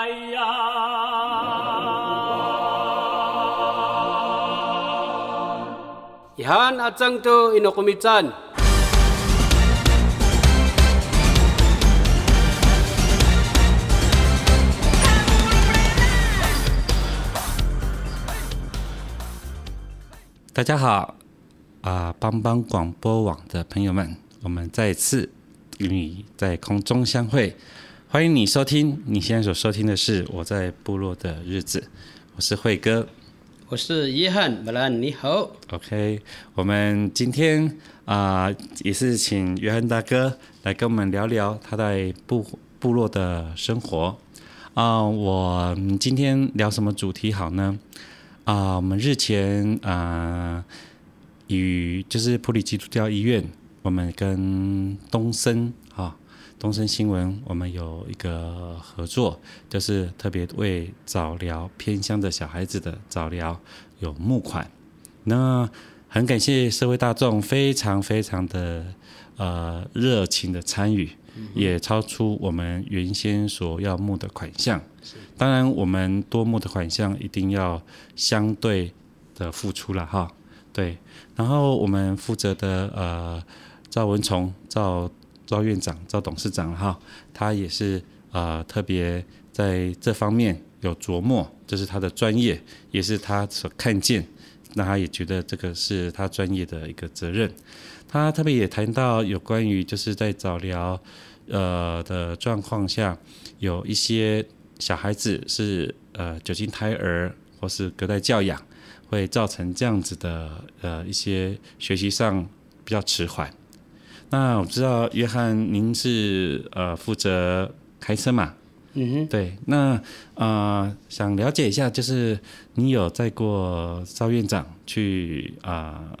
阿誠哥 i n o k 大家好啊，幫幫廣播網的朋友們，我們再次與你在空中相會。歡迎你收聽，你現在所收聽的是《我在部落的日子》，我是慧哥，我是約翰 m a 你好。OK，我們今天啊、呃，也是請約翰大哥來跟我們聊聊他在部部落的生活啊、呃。我們今天聊什麼主題好呢？啊、呃，我們日前啊、呃，與就是埔里基督教醫院，我們跟東森。東森新聞，我們有一個合作，就是特別為早療偏鄉的小孩子的早療有募款。那很感謝社會大眾非常非常的呃熱情的參與、嗯，也超出我們原先所要募的款項。當然，我們多募的款項一定要相對的付出了哈。對，然後我們負責的呃趙文崇趙。招院長、招董事長哈，他也是呃特別在這方面有琢磨，這，就是他的專業，也是他所看見，那他也覺得這個是他專業的一個責任。他特別也談到有關於就是在早療呃的狀況下，有一些小孩子是呃酒精胎兒或是隔代教養，會造成這樣子的呃一些學習上比較遲緩。那我知道約翰，您是呃負責開車嘛？嗯哼。對，那啊、呃、想了解一下，就是你有載過邵院長去啊、呃、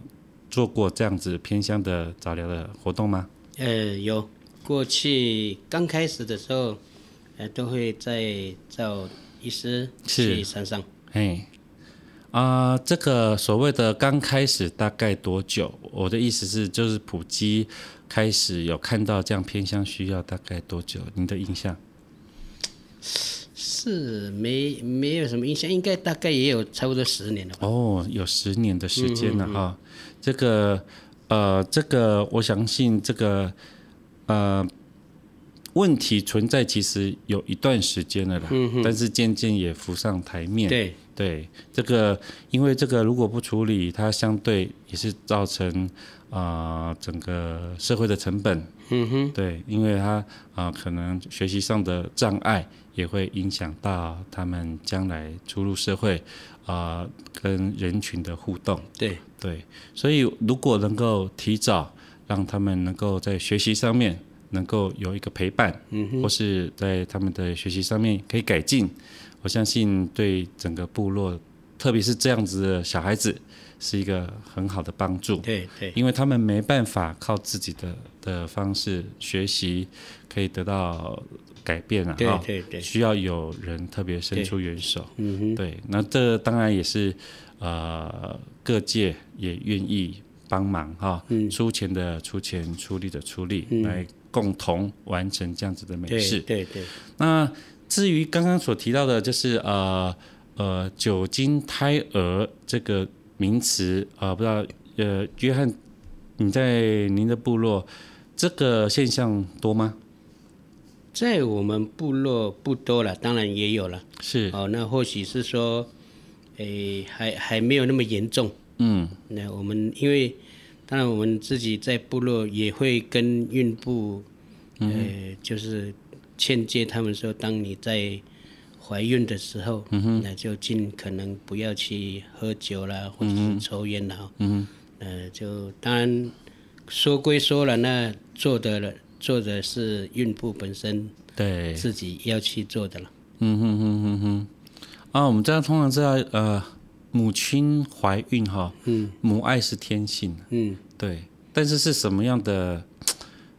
做過這樣子偏鄉的早療的活動嗎？呃，有。過去剛開始的時候，呃，都會載趙醫師去山上。哎。啊、呃，這個所謂的剛開始大概多久？我的意思是，就是普及。開始有看到這樣偏鄉，需要大概多久？你的印象是沒沒有什麼印象，應該大概也有差不多十年了吧。哦，有十年的時間了哈、哦嗯嗯。這個呃，這個我相信這個呃問題存在其實有一段時間了啦。嗯、但是漸漸也浮上台面。對對，這個因為這個如果不處理，它相對也是造成。啊、呃，整個社會的成本，嗯哼，對，因為他啊、呃，可能學習上的障礙也會影響到他們將來出入社會，啊、呃，跟人群的互動，對對，所以如果能夠提早讓他們能夠在學習上面能夠有一個陪伴，嗯哼，或是在他們的學習上面可以改進，我相信對整個部落，特別是這樣子的小孩子。是一個很好的幫助，對對，因為他們沒辦法靠自己的的方式學習，可以得到改變啊，對對，對，需要有人特別伸出援手，嗯哼，對，那這當然也是，呃，各界也願意幫忙哈，呃嗯，出錢的出錢，出力的出力，嗯，來共同完成這樣子的美事，對對，對。那至於剛剛所提到的，就是呃呃，酒精胎兒這個。名詞啊，不知道，呃，約翰，你在您的部落，這個現象多嗎？在我們部落不多了，當然也有了，是哦，那或許是說，誒、欸，還還沒有那麼嚴重，嗯，那我們因為，當然我們自己在部落也會跟孕婦，呃，嗯、就是勸誡他們說，當你在。懷孕的時候，嗯哼，那就盡可能不要去喝酒啦，嗯、或者是抽煙啦。嗯哼，呃，就當然說歸說了，那做的了做的是孕婦本身對自己要去做的了。嗯哼哼哼哼。啊，我們這樣通常知道，呃，母親懷孕哈、嗯，母愛是天性。嗯，對。但是是什麼樣的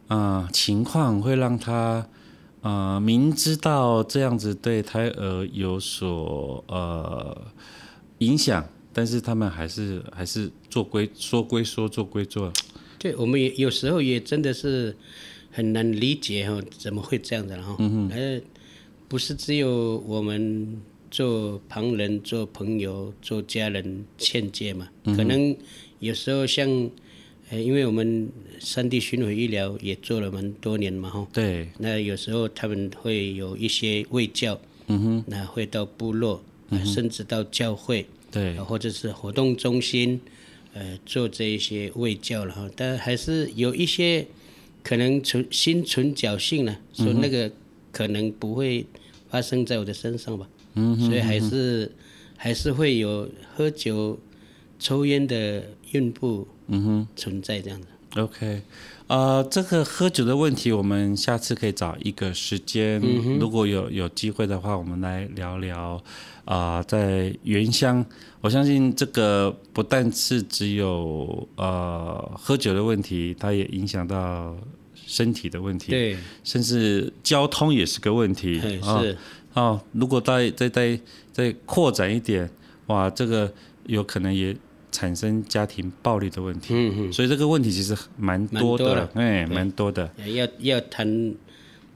啊、呃、情況會讓她？呃、明知道這樣子對胎兒有所呃影響，但是他們還是還是做歸說歸說做歸做，啊。對，我們也有時候也真的是很難理解怎麼會這樣子了哈？嗯哼，是不是只有我們做旁人、做朋友、做家人勸誡嘛？可能有時候像，呃、因為我們。三 D 巡回醫療也做了蠻多年嘛，吼。對。那有時候他們會有一些衛教，嗯哼，那會到部落、嗯，甚至到教會，對，或者是活動中心，呃，做這一些衛教了哈。但還是有一些可能存心存僥幸呢、啊，說、嗯、那個可能不會發生在我的身上吧。嗯所以還是、嗯、還是會有喝酒、抽菸的孕婦，嗯哼，存在這樣子。嗯 OK，呃，這個喝酒的問題，我們下次可以找一個時間、嗯，如果有有機會的話，我們來聊聊。啊、呃，在原鄉，我相信這個不但是只有呃喝酒的問題，它也影響到身體的問題，對，甚至交通也是個問題，對，是哦、呃呃，如果再再再再擴展一點，哇，這個有可能也。產生家庭暴力的問題，嗯、所以這個問題其實蠻多的，哎，蠻、欸、多的。要要談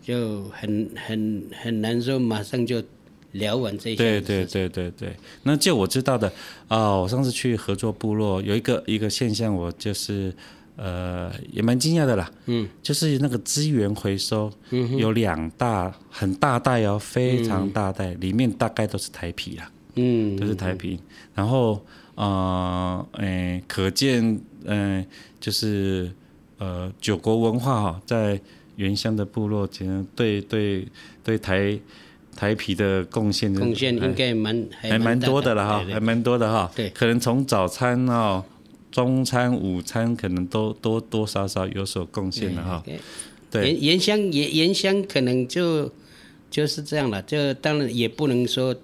就很很很難說，馬上就聊完這些。對對對對對。那就我知道的哦。我上次去合作部落有一個一個現象，我就是呃也蠻驚訝的啦。嗯。就是那個資源回收，嗯、有兩大很大袋哦，非常大袋、嗯，裡面大概都是台啤啦。嗯，都、就是台啤，然後啊，哎、呃欸，可見，嗯、欸，就是，呃，酒國文化哈，在原鄉的部落，其實對對對台台啤的貢獻貢獻應該蠻還蠻多的了哈，還蠻多的哈，對，可能從早餐中餐、午餐，可能都多多少少有所貢獻了哈，對，原原鄉原原鄉可能就就是這樣了，就當然也不能說。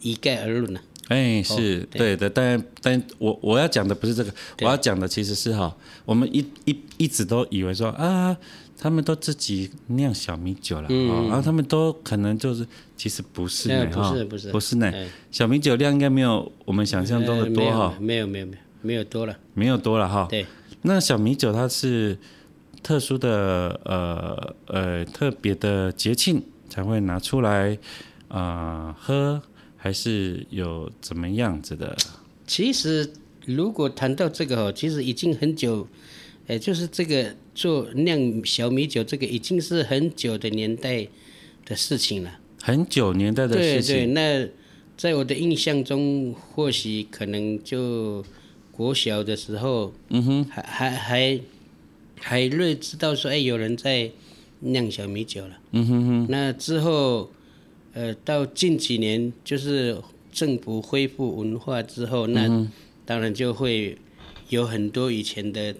一概而論呢、啊？哎、欸，是、oh, 對，對的，但但我我要講的不是這個，我要講的其實是哈，我們一一一,一直都以為說啊，他們都自己釀小米酒了，然、嗯、後、啊、他們都可能就是其實不是、嗯哦、不是不是不是呢，小米酒量應該沒有我們想象中的多哈、呃，沒有沒有沒有沒有，沒有多了，沒有多了哈、哦。對，那小米酒它是特殊的，呃呃，特別的節慶才會拿出來啊、呃、喝。還是有怎麼樣子的？其實，如果談到這個哦，其實已經很久，哎，就是這個做釀小米酒，這個已經是很久的年代的事情了。很久年代的事情。對對，那在我的印象中，或許可能就國小的時候，嗯哼，還還還還略知道說，哎，有人在釀小米酒了。嗯哼哼。那之後。呃，到近幾年，就是政府恢復文化之後，嗯，那當然就會有很多以前的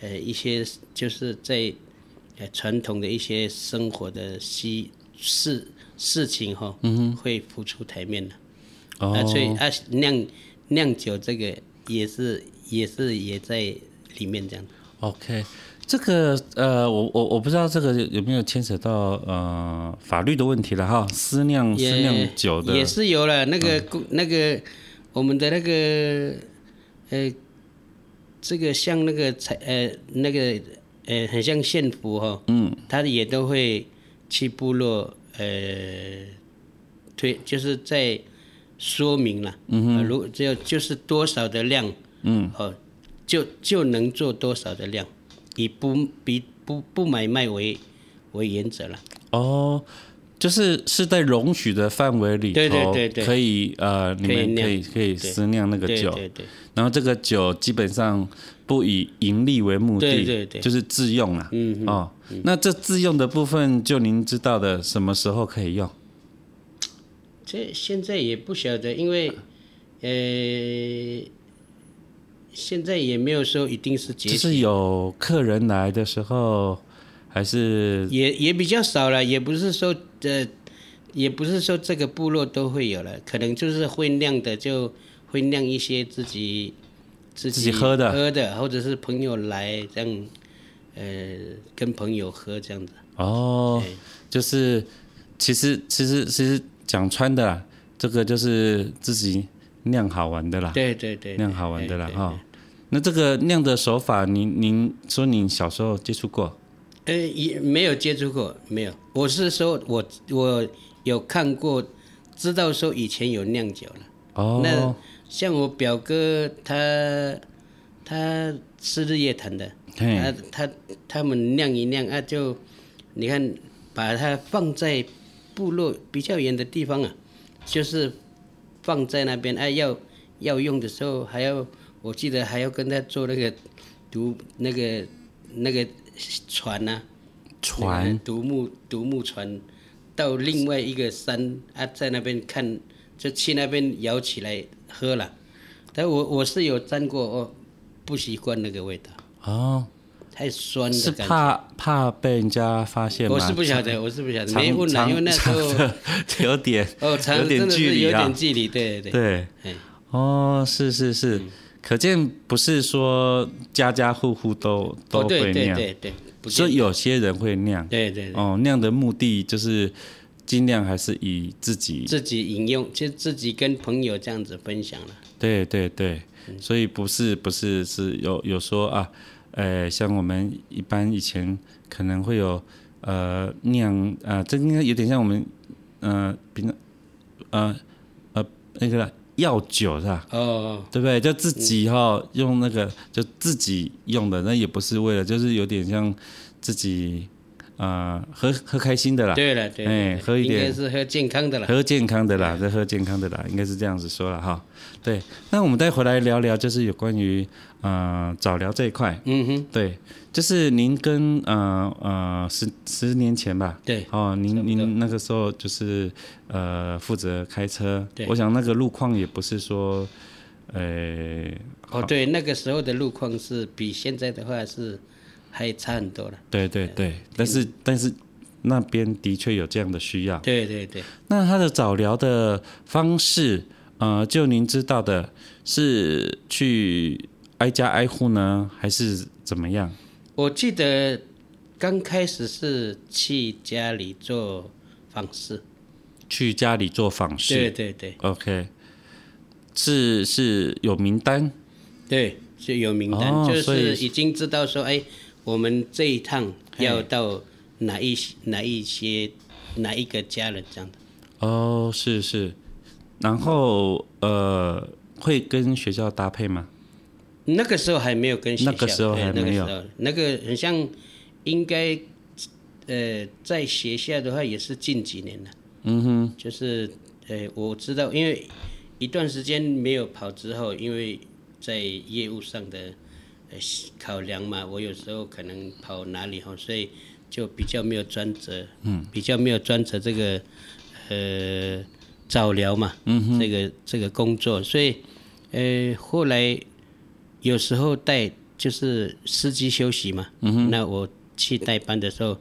呃一些，就是在呃、傳統的一些生活的西事事情哈、哦嗯，會浮出台面的，哦、所以啊，釀釀酒這個也是也是也在裡面這樣。OK。這個呃，我我我不知道這個有沒有牽扯到呃法律的問題了哈、哦，私釀私釀酒的也是有了那個、嗯、那個、那個、我們的那個呃，這個像那個呃那個呃很像縣府哈、哦，嗯，他也都會去部落呃推就是在說明了，嗯哼，如只有就是多少的量，嗯，哦，就就能做多少的量，以不比不不買賣為為原則了。哦，就是是在容許的範圍裡頭，對對對對，可以呃，你們可以可以，可以私釀那個酒。對對對對。然後這個酒基本上不以盈利為目的，對對對對，就是自用啊。嗯。哦，嗯，那這自用的部分，就您知道的，什麼時候可以用？這現在也不曉得，因為，呃。現在也沒有說一定是只是有客人來的時候，還是也也比較少了，也不是說這、呃、也不是說這個部落都會有了，可能就是會釀的，就會釀一些自己自己喝的喝的，或者是朋友來這樣，呃，跟朋友喝這樣子。哦，就是其實其實其實講穿的啦，這個就是自己釀好玩的啦。對對對，對，釀好玩的啦哈。對對對對那這個釀的手法，您您說您小時候接觸過？呃，也沒有接觸過，沒有。我是說我，我我有看過，知道說以前有釀酒了。哦、oh.。那像我表哥他，他他是日月潭的，hey. 他他他們釀一釀，哎、啊，就你看把它放在部落比較遠的地方啊，就是放在那邊，哎、啊，要要用的時候還要。我記得還要跟他坐那個獨那個那個船呢、啊，船獨木獨木船，到另外一個山啊，在那邊看，就去那邊搖起來喝了，但我我是有沾過哦，不習慣那個味道，哦，太酸是怕怕被人家發現嗎，我是不曉得，我是不曉得，沒問了，因為那時候有點哦，的的有點距離啊，有點距離，對對對，對，哦，是是是。嗯可見不是說家家戶戶都都會釀、哦，對對對，不是有些人會釀，對對哦，釀的目的就是盡量還是以自己自己飲用，就自己跟朋友這樣子分享了。對對對，所以不是不是是有有說啊，呃，像我們一般以前可能會有呃釀啊、呃，這應該有點像我們嗯，比如呃平常呃，呃，呃，呃那個。藥酒是吧？哦、oh, oh,，oh、對不對？就自己哈、哦嗯、用那個，就自己用的，那也不是為了，就是有點像自己。啊、呃，喝喝開心的啦，對了，對，對，對，哎、欸，喝一點，應該是喝健康的啦，喝健康的啦，對，喝健康的啦，應該是這樣子說了哈。對，那我們再回來聊聊，就是有關於呃早療這一塊。嗯哼，對，就是您跟呃呃十十年前吧，對，哦，您您那個時候就是呃負責開車，對，我想那個路況也不是說，呃，哦，對，那個時候的路況是比現在的話是，還差很多了，對對對，呃、但是但是那邊的確有這樣的需要。對對對。那他的早療的方式，呃，就您知道的，是去挨家挨戶呢，還是怎麼樣？我記得剛開始是去家裡做訪視。去家裡做訪視。對對對。OK 是。是是有名單。對，是有名單，哦、就是已經知道說，哎。我們這一趟要到哪一些、哪一些、哪一個家人這樣的？哦，是是。然後、嗯、呃，會跟學校搭配嗎？那個時候還沒有跟學校，那個時候還沒有。欸，那個很像應該呃，在學校的話也是近幾年了。嗯哼。就是呃、欸，我知道，因為一段時間沒有跑之後，因為在業務上的。考量嘛，我有時候可能跑哪裡好，所以就比較沒有專職，嗯，比較沒有專職這個呃早療嘛、嗯，這個這個工作，所以呃後來有時候帶就是司機休息嘛，嗯、那我去代班的時候，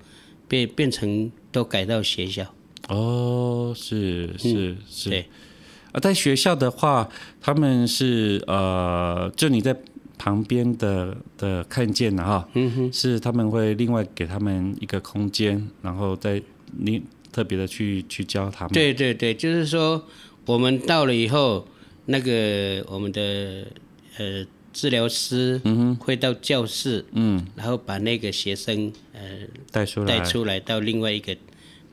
變變成都改到學校。哦，是是、嗯、是對，啊，在學校的話，他們是呃，就你在。旁邊的的看見了哈、嗯哼，是他們會另外給他們一個空間，然後再另特別的去去教他們。對對對，就是說我們到了以後，那個我們的呃治療師會到教室，嗯，然後把那個學生呃帶出來，帶出來到另外一個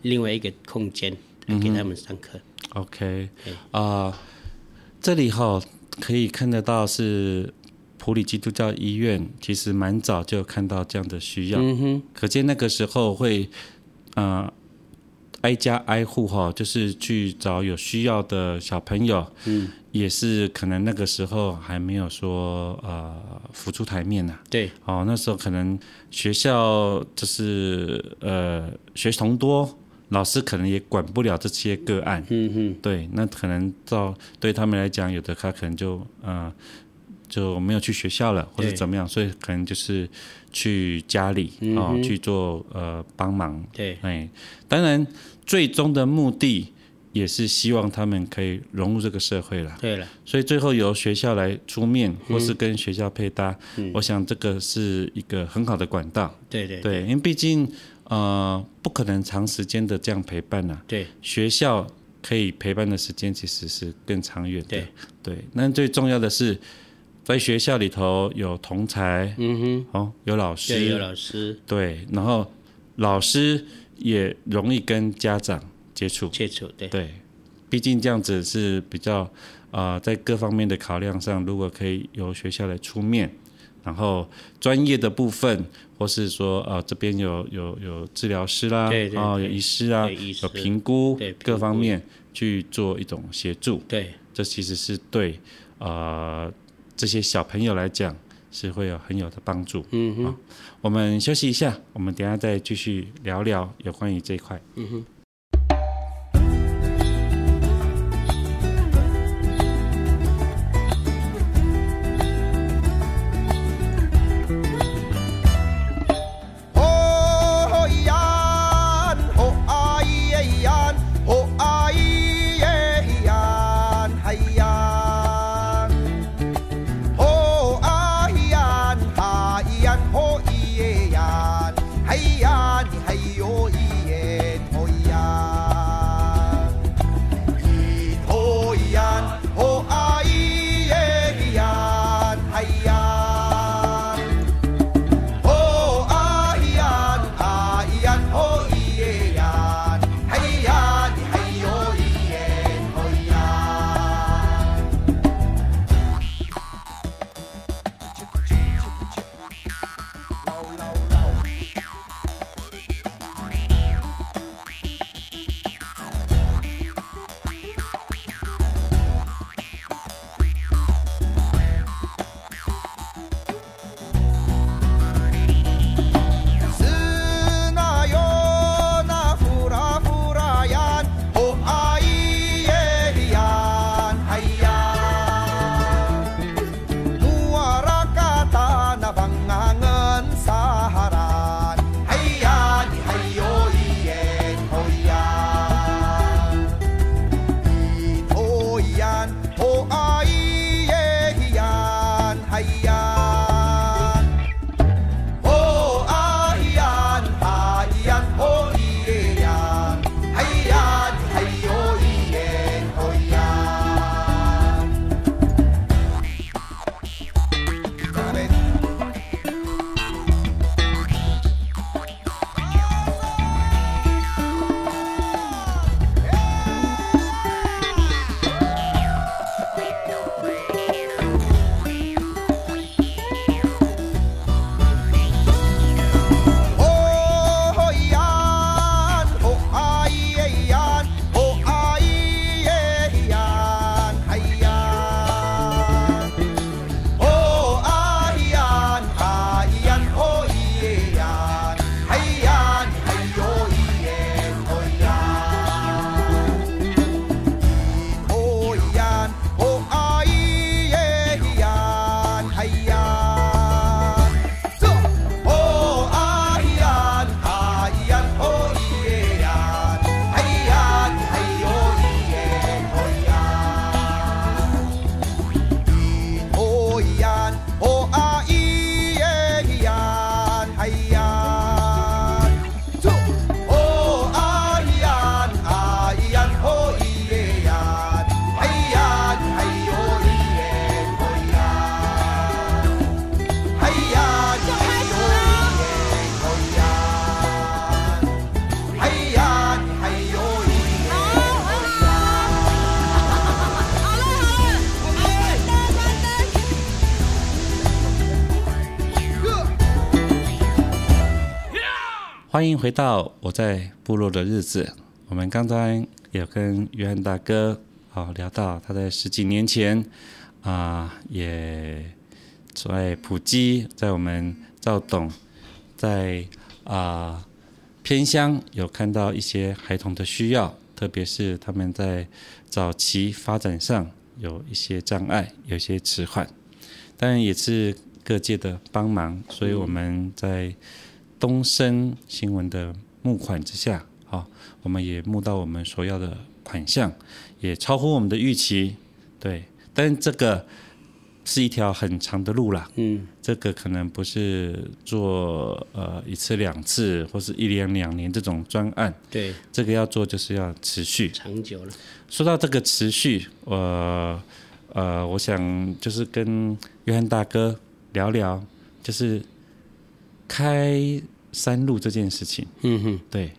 另外一個空間來給他們上課，嗯。OK，啊、呃，這裡哈可以看得到是。埔里基督教醫院其實蠻早就看到這樣的需要，嗯、哼可見那個時候會啊、呃、挨家挨戶哈、哦，就是去找有需要的小朋友，嗯，也是可能那個時候還沒有說呃，浮出台面吶、啊，對，哦，那時候可能學校就是呃，學童多，老師可能也管不了這些個案，嗯哼，對，那可能到對他們來講，有的他可能就啊。呃就沒有去學校了，或者怎麼樣，所以可能就是去家裡、嗯、哦，去做呃幫忙。對、哎，當然最終的目的也是希望他們可以融入這個社會了。對了，所以最後由學校來出面，嗯、或是跟學校配搭、嗯，我想這個是一個很好的管道。對對對，對因為畢竟呃不可能長時間的這樣陪伴吶、啊。對，學校可以陪伴的時間其實是更長遠的。對，那最重要的是。在學校裡頭有同才，嗯哼，哦，有老師，對，有老師，對，然後老師也容易跟家長接觸，接觸，對，對，畢竟這樣子是比較啊、呃，在各方面的考量上，如果可以由學校來出面，然後專業的部分，或是說啊、呃，這邊有有有治療師啦，對、對、對，哦，有醫師啊，師，有評估，對，評估，各方面去做一種協助，對，這其實是對啊。呃這些小朋友來講是會有很有的幫助。嗯嗯，啊，我們休息一下，我們等一下再繼續聊聊有關於這一塊。嗯哼。歡迎回到我在部落的日子。我們剛剛有跟約翰大哥啊聊到，他在十幾年前啊也在埔基。在我們趙董，在啊偏鄉有看到一些孩童的需要，特別是他們在早期發展上有一些障礙，有些遲緩。但也是各界的幫忙，所以我們在、嗯。東森新聞的募款之下，啊、哦，我們也募到我們所要的款項，也超乎我們的預期，對。但這個是一條很長的路啦，嗯，這個可能不是做呃一次兩次，或者是一年兩年這種專案，對，這個要做就是要持續，長久了。說到這個持續，呃呃，我想就是跟約翰大哥聊聊，就是開。山路這件事情，嗯哼，對，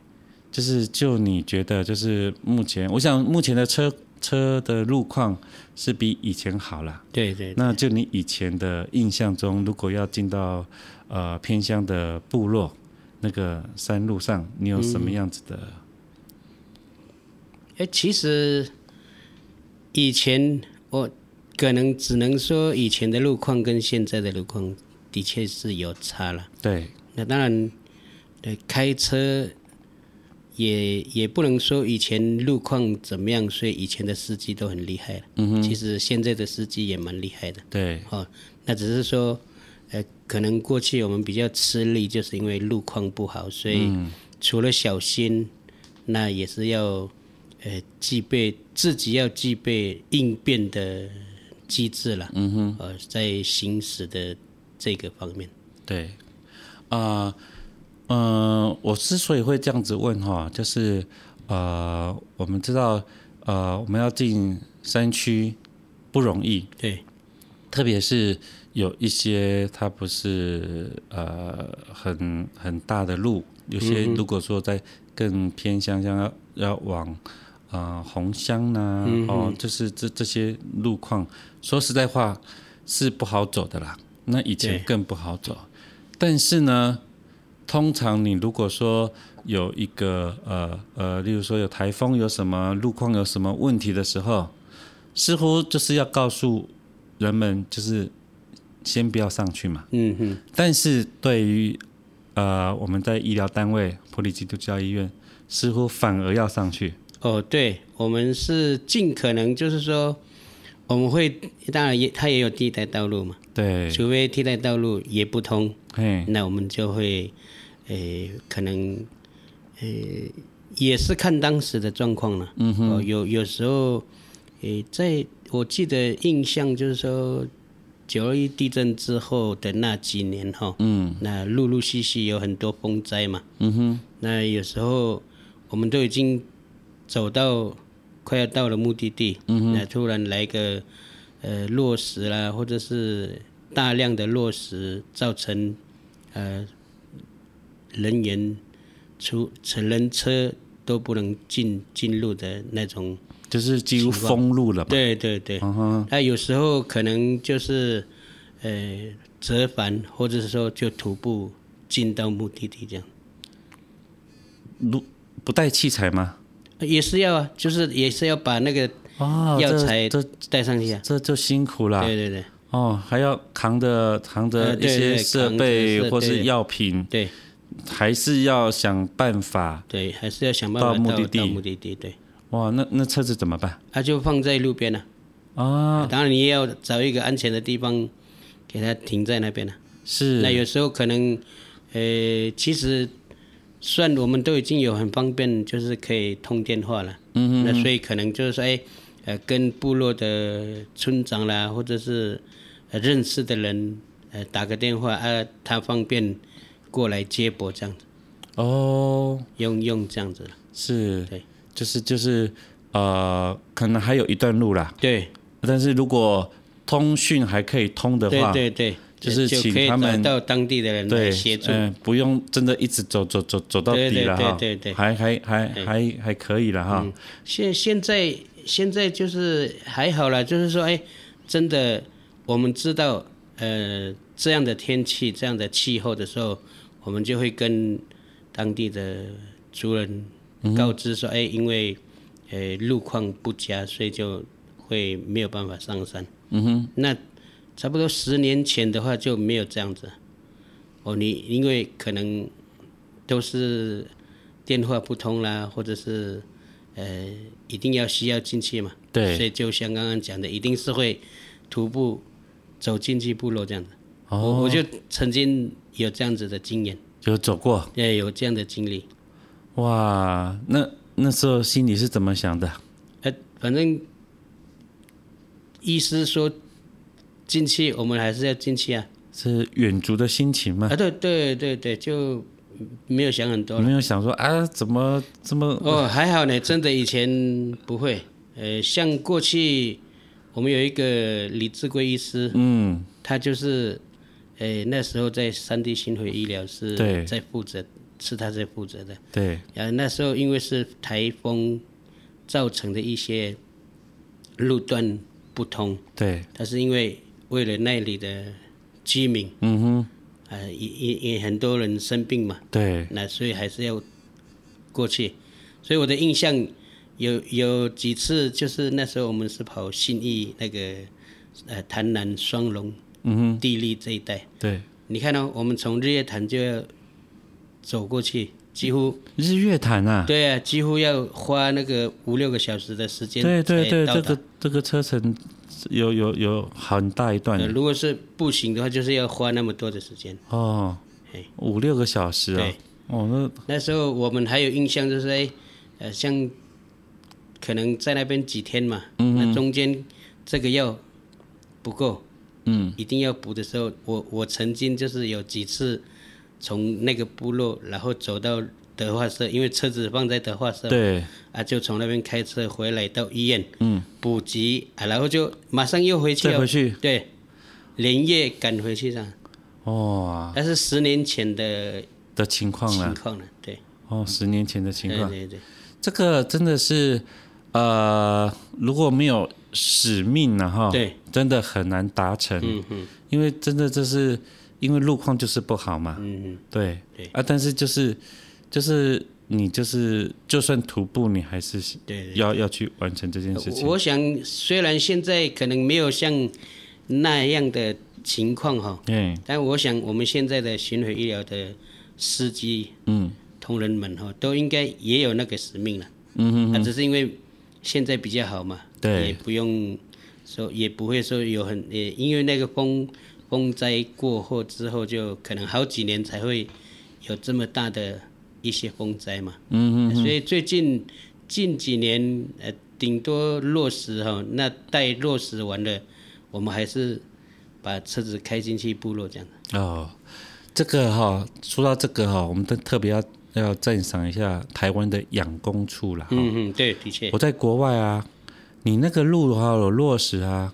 就是就你覺得，就是目前，我想目前的車車的路況是比以前好了，對，對對。那就你以前的印象中，如果要進到呃偏鄉的部落那個山路上，你有什麼樣子的？哎、嗯，欸，其實以前我可能只能說，以前的路況跟現在的路況的確是有差了。對，那當然。對，開車也也不能說以前路況怎麼樣，所以以前的司機都很厲害、嗯、其實現在的司機也蠻厲害的。對，哦，那只是說，呃，可能過去我們比較吃力，就是因為路況不好，所以除了小心，嗯，那也是要呃具備自己要具備應變的機制了。嗯哼，呃，在行駛的這個方面，對啊。Uh, 嗯、呃，我之所以會這樣子問哈、哦，就是呃，我們知道呃，我們要進山區不容易，對，特別是有一些它不是呃很很大的路，有些如果說在更偏鄉鄉、嗯、要要往、呃、紅啊紅香呢，哦，就是這這些路況，說實在話是不好走的啦，那以前更不好走，但是呢。通常你如果說有一個呃呃，例如說有台風，有什麼路況，有什麼問題的時候，似乎就是要告訴人們，就是先不要上去嘛。嗯哼，但是對於呃，我們在醫療單位，埔里基督教醫院，似乎反而要上去。哦，對，我們是盡可能就是說，我們會當然也，它也有替代道路嘛。對。除非替代道路也不通，嗯，那我們就會。誒，可能誒，也是看當時的狀況了。哦、嗯，有有時候，誒，在我記得印象就是說，九二一地震之後的那幾年哈、嗯，那陸陸續續有很多風災嘛。嗯、那有時候，我們都已經走到快要到了目的地，嗯、那突然來個呃落石啦，或者是大量的落石，造成呃。人員、出、成人車都不能進進入的那種，就是幾乎封路了。對對對，那、uh-huh. 啊、有時候可能就是呃折返，或者是說就徒步進到目的地這樣。路不帶器材嗎？也是要啊，就是也是要把那個藥材都帶上去、啊哦，這這，這就辛苦了、啊。對對對，哦，還要扛着扛着一些設備、啊、對對對是或是藥品。對，對，對。對還是要想辦法，對，還是要想辦法到，到目的地，到目的地，對。哇，那那車子怎麼辦？他、啊、就放在路邊了、啊哦。啊，當然你也要找一個安全的地方，給他停在那邊、啊、是。那有時候可能，呃，其實算我們都已經有很方便，就是可以通電話了。嗯哼哼。那所以可能就是說，哎，呃，跟部落的村長啦，或者是認識的人，呃，打個電話，啊，他方便。過來接駁這樣子哦，用用這樣子了是，對，就是就是呃，可能還有一段路啦。對，但是如果通訊還可以通的話，對對對，就是請他們就可以找到，到當地的人來協助對對，不用真的一直走走走走到底了對，對對對，還還還還還可以了哈、嗯。現現在現在就是還好了，就是說哎、欸，真的我們知道呃這樣的天氣這樣的氣候的時候。我們就會跟當地的族人告知說：“嗯、哎，因為呃路況不佳，所以就會沒有辦法上山。”嗯哼。那差不多十年前的話就沒有這樣子。哦，你因為可能都是電話不通啦，或者是呃一定要需要進去嘛。對。所以就像剛剛講的，一定是會徒步走進去部落這樣子。我、oh, 我就曾經有這樣子的經驗，有走過，也有這樣的經歷。哇，那那時候心裡是怎麼想的？哎、呃，反正醫師說進去，近期我們還是要進去啊。是遠足的心情嘛？啊，對對對對，就沒有想很多，沒有想說啊，怎麼這麼……哦，還好呢，真的以前不會。呃，像過去我們有一個李志貴醫師，嗯，他就是。哎、欸，那時候在三 D 巡迴醫療，是在負責。對，是他在負責的。對。然、啊、後那時候因為是台風造成的一些路段不通。對。他是因為為了那裡的居民，嗯哼，呃、啊，也也也很多人生病嘛。對。那所以還是要過去，所以我的印象有有幾次就是那時候我們是跑信義那個呃潭南雙龍。啊嗯哼，地利這一帶，對，你看哦，我們從日月潭就要走過去，幾乎日月潭啊，對啊，幾乎要花那個五六個小時的時間，對對對，這個這個車程有有有很大一段。如果是步行的話，就是要花那麼多的時間哦，五六個小時哦，我、哦、那那時候我們還有印象就是誒、欸，呃，像可能在那邊幾天嘛，嗯、那中間這個要不夠。嗯，一定要補的時候，我我曾經就是有幾次，從那個部落，然後走到德化社，因為車子放在德化社，對，啊，就從那邊開車回來到醫院，嗯，補給啊，然後就馬上又回去、哦，再回去，對，連夜趕回去的，哦，但那是十年前的情的情況了，情況了，對，哦，十年前的情況，對對，對，這個真的是，呃，如果沒有。使命了、啊、哈，對，真的很難達成，嗯哼，因為真的就是因為路況就是不好嘛，嗯嗯，對，對，啊，但是就是就是你就是就算徒步，你還是要對對對要去完成這件事情。我，我想，雖然現在可能沒有像那樣的情況哈，對、嗯，但我想我們現在的巡回醫療的司機，嗯，同仁們哈，都應該也有那個使命了，嗯那、啊、只是因為現在比較好嘛。對，也不用說，也不會說有很也，因為那個風風災過後之後，就可能好幾年才會有這麼大的一些風災嘛。嗯嗯。所以最近近幾年，呃，頂多落石哈、哦，那待落石完了，我們還是把車子開進去部落這樣哦，這個哈、哦，說到這個哈、哦，我們都特別要要讚賞一下台灣的養工處啦。嗯嗯，對，的確。我在國外啊。你那個路的話有落實啊，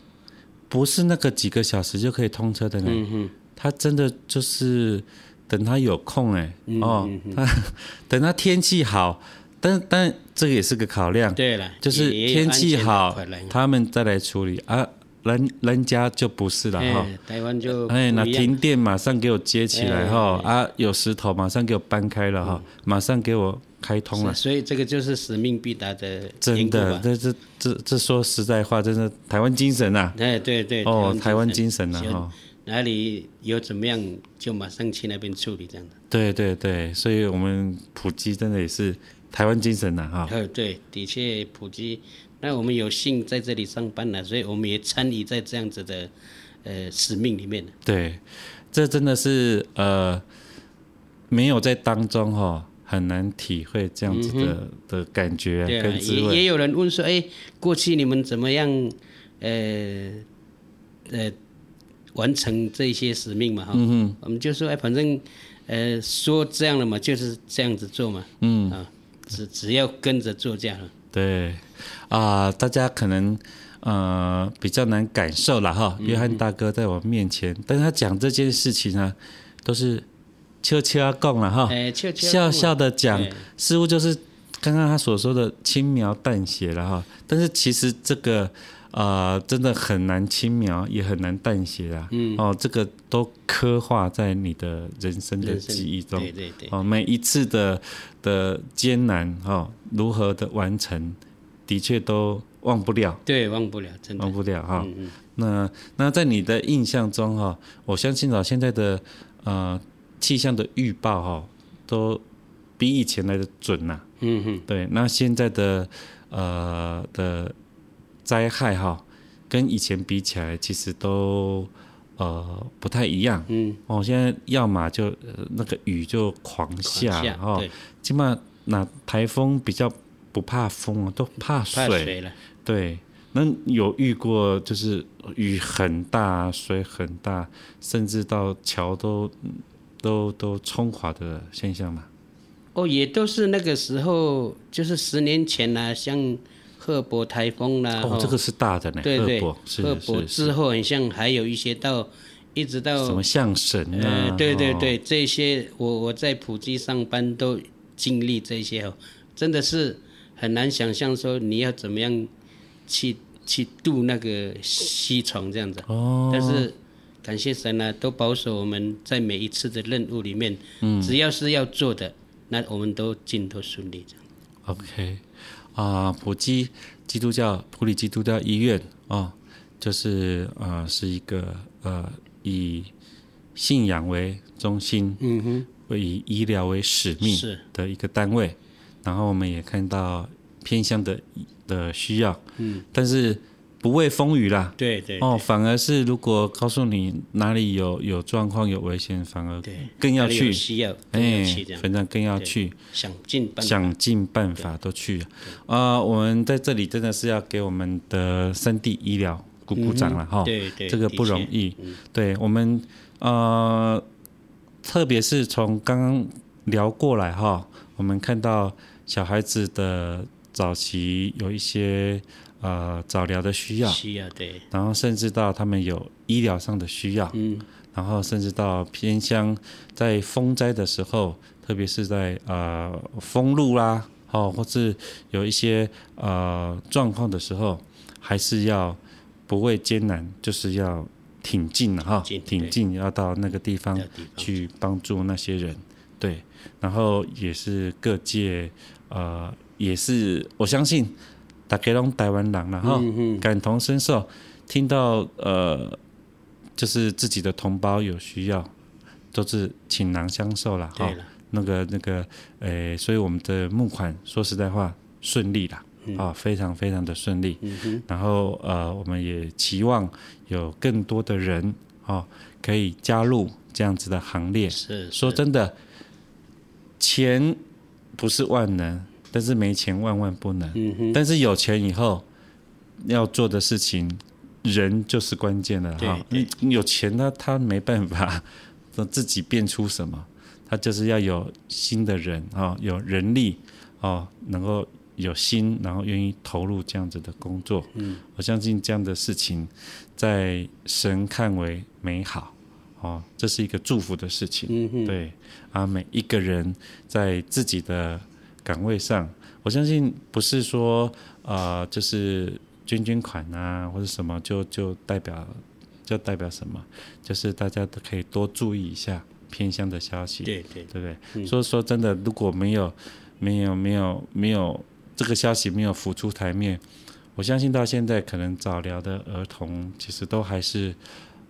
不是那個幾個小時就可以通車的呢。他、嗯、真的就是等他有空哎、欸嗯，哦，等他天氣好，但但這個也是個考量。對了。就是天氣好，他們再來處理啊。人人家就不是了哈、欸。台灣就不了。哎、欸，那停電馬上給我接起來哈、欸欸。啊，有石頭馬上給我搬開了哈、嗯。馬上給我。開通了，所以這個就是使命必達的，真的，這這這這說實在話，真的台灣精神啊！對對對哦、喔，台灣精神，精神啊、哪裡有怎麼樣就馬上去那邊處理這樣的。對對對，所以我們埔基真的也是台灣精神啊！哈。對，的確埔基那我們有幸在這裡上班了、啊，所以我們也參與在這樣子的呃使命裡面。對，這真的是呃沒有在當中哈。很難體會這樣子的、嗯、的感覺、啊、也也有人問說：“哎、欸，過去你們怎麼樣？呃，呃，完成這些使命嘛？哈、嗯，我們就說：哎、欸，反正呃，說這樣了嘛，就是這樣子做嘛。嗯啊，只只要跟着做這樣。對，啊、呃，大家可能呃比較難感受了哈。約翰大哥在我面前，嗯、但他講這件事情呢、啊，都是。悄悄共了哈，笑、欸、笑的講，似乎就是剛剛他所說的輕描淡寫了哈。但是其實這個啊、呃，真的很難輕描，也很難淡寫啊。嗯，哦，這個都刻畫在你的人生的記憶中。對對對哦，每一次的的艱難哦，如何的完成，的確都忘不了。對，忘不了，真的忘不了哈、哦嗯嗯。那那在你的印象中哈，我相信啊，現在的啊。呃氣象的預報哈、哦，都比以前來的準吶、啊。嗯哼，對。那現在的呃的災害哈、哦，跟以前比起來，其實都呃不太一樣。嗯，哦，現在要麼就、呃、那個雨就狂下，狂下、哦、對，起碼那台風比較不怕風、啊，都怕水。怕水了。對，那有遇過就是雨很大，水很大，甚至到橋都。都都沖垮的現象嘛？哦，也都是那個時候，就是十年前啦、啊，像，賀伯台風啦、啊。哦，這個是大的呢。對對。賀伯之後很像還有一些到，一直到。什麼象神啊、呃？對對對，對、哦，這些我我在埔基上班都經歷這些哦，真的是很難想象說你要怎麼樣去去渡那個溪床這樣子。哦。但是。感謝神啊，都保守我們在每一次的任務裡面，嗯、只要是要做的，那我們都盡都順利的。OK，啊，埔基基督教埔里基督教醫院啊、哦，就是呃是一個呃以信仰為中心，嗯哼，以醫療為使命的一個單位。然後我們也看到偏鄉的的需要，嗯，但是。不畏風雨啦，對對，對，哦，反而是如果告訴你哪裡有有狀況、有危險，反而更要去需要，哎，反正更要去想盡想盡辦法都去啊、呃。我們在這裡真的是要給我們的三地醫療鼓鼓掌了哈，對、嗯、對，這個不容易。對，對、嗯、對我們呃，特別是從剛剛聊過來哈、哦，我們看到小孩子的早期有一些。呃，早療的需要，需要、啊、對，然後甚至到他們有醫療上的需要，嗯，然後甚至到偏鄉，在風災的時候，特別是在呃封路啦、啊，哦，或是有一些呃狀況的時候，還是要不畏艱難，就是要挺進哈、啊，挺進、啊挺進，要到那個地方去幫助那些人，對，對，然後也是各界，呃，也是我相信。大家都台灣人了哈、嗯，感同身受，聽到呃，就是自己的同胞有需要，都是傾囊相授了哈、哦。那個那個，誒、呃，所以我們的募款說實在話順利了，啊、嗯哦，非常非常的順利、嗯。然後呃，我們也期望有更多的人啊、哦，可以加入這樣子的行列。是，是，說真的，錢不是萬能。但是沒錢，萬萬不能、嗯。但是有錢以後要做的事情，人就是關鍵了哈。你有錢他，他他沒辦法，讓自己變出什麼，他就是要有新的人啊、哦，有人力哦，能夠有心，然後願意投入這樣子的工作、嗯。我相信這樣的事情，在神看為美好，哦，這是一個祝福的事情。嗯、對啊，每一個人在自己的。崗位上，我相信不是說啊、呃，就是捐捐款啊，或者什麼就就代表就代表什麼，就是大家都可以多注意一下偏鄉的消息，對對對不對？所、嗯、以說，說真的，如果沒有沒有沒有沒有這個消息沒有浮出台面，我相信到現在可能早療的兒童其實都還是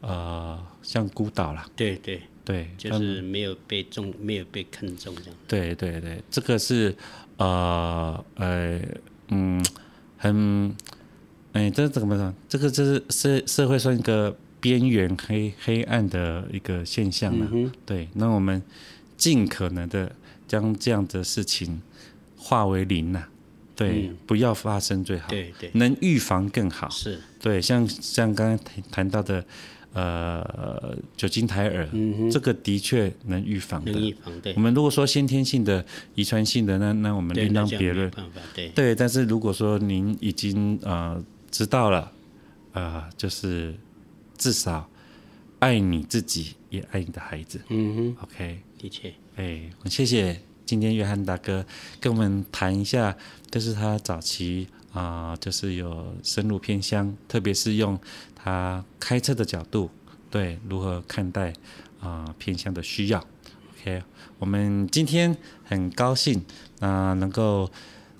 啊、呃、像孤島啦，對對。對，就是沒有被重，沒有被看重這樣。對對對，這個是，呃，呃，嗯，很，哎、欸，這怎麼說？這個就是社社會上一個邊緣黑黑暗的一個現象了、啊嗯。對，那我們盡可能的將這樣的事情化為零了、啊，對、嗯，不要發生最好。對對，對，能預防更好。是，對，像像剛剛談談到的。呃，酒精胎兒這個的確能預防的。對。我們如果說先天性的、遺傳性的，那那我們另當別論對有有對。對。但是如果說您已經呃知道了，呃，就是至少愛你自己，也愛你的孩子。嗯哼。OK，的確。哎、欸，謝謝今天約翰大哥跟我們談一下，就是他早期。啊、呃，就是有深入偏鄉，特別是用他開車的角度，對，如何看待啊、呃、偏鄉的需要？OK，我們今天很高興啊、呃、能夠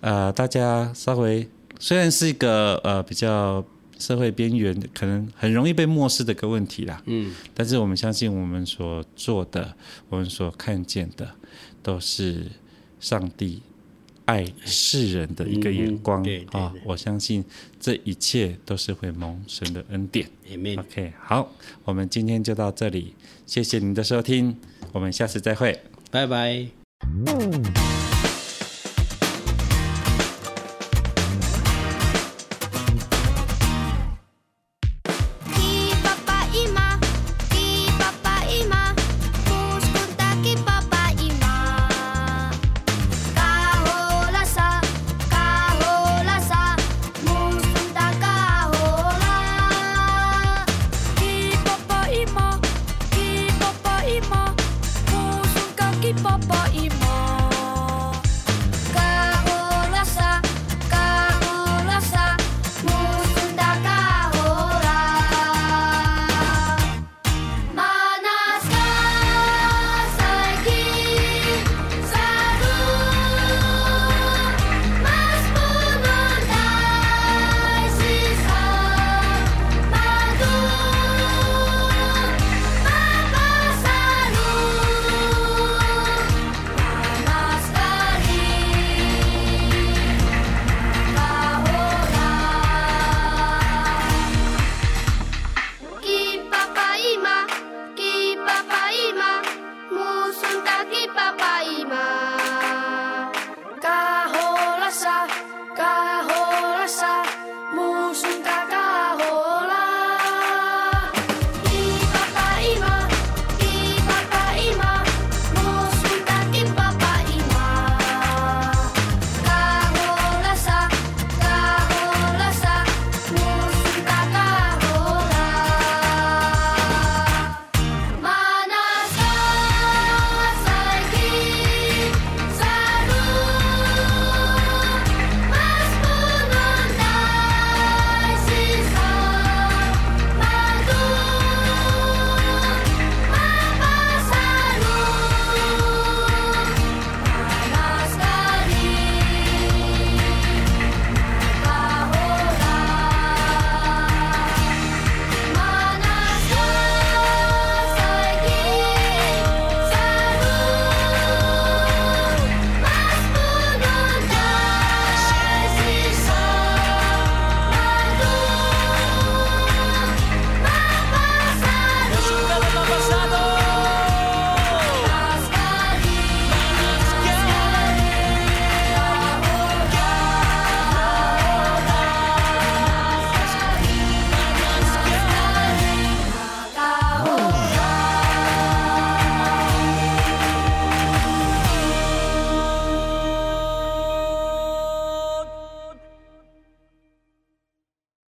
呃大家稍微雖然是一個呃比較社會邊緣，可能很容易被漠視的一個問題啦，嗯，但是我們相信我們所做的，我們所看見的，都是上帝。愛世人的一個眼光啊、嗯！我相信這一切都是會蒙神的恩典。Amen、OK，好，我們今天就到這裡，謝謝您的收聽，我們下次再會，拜拜。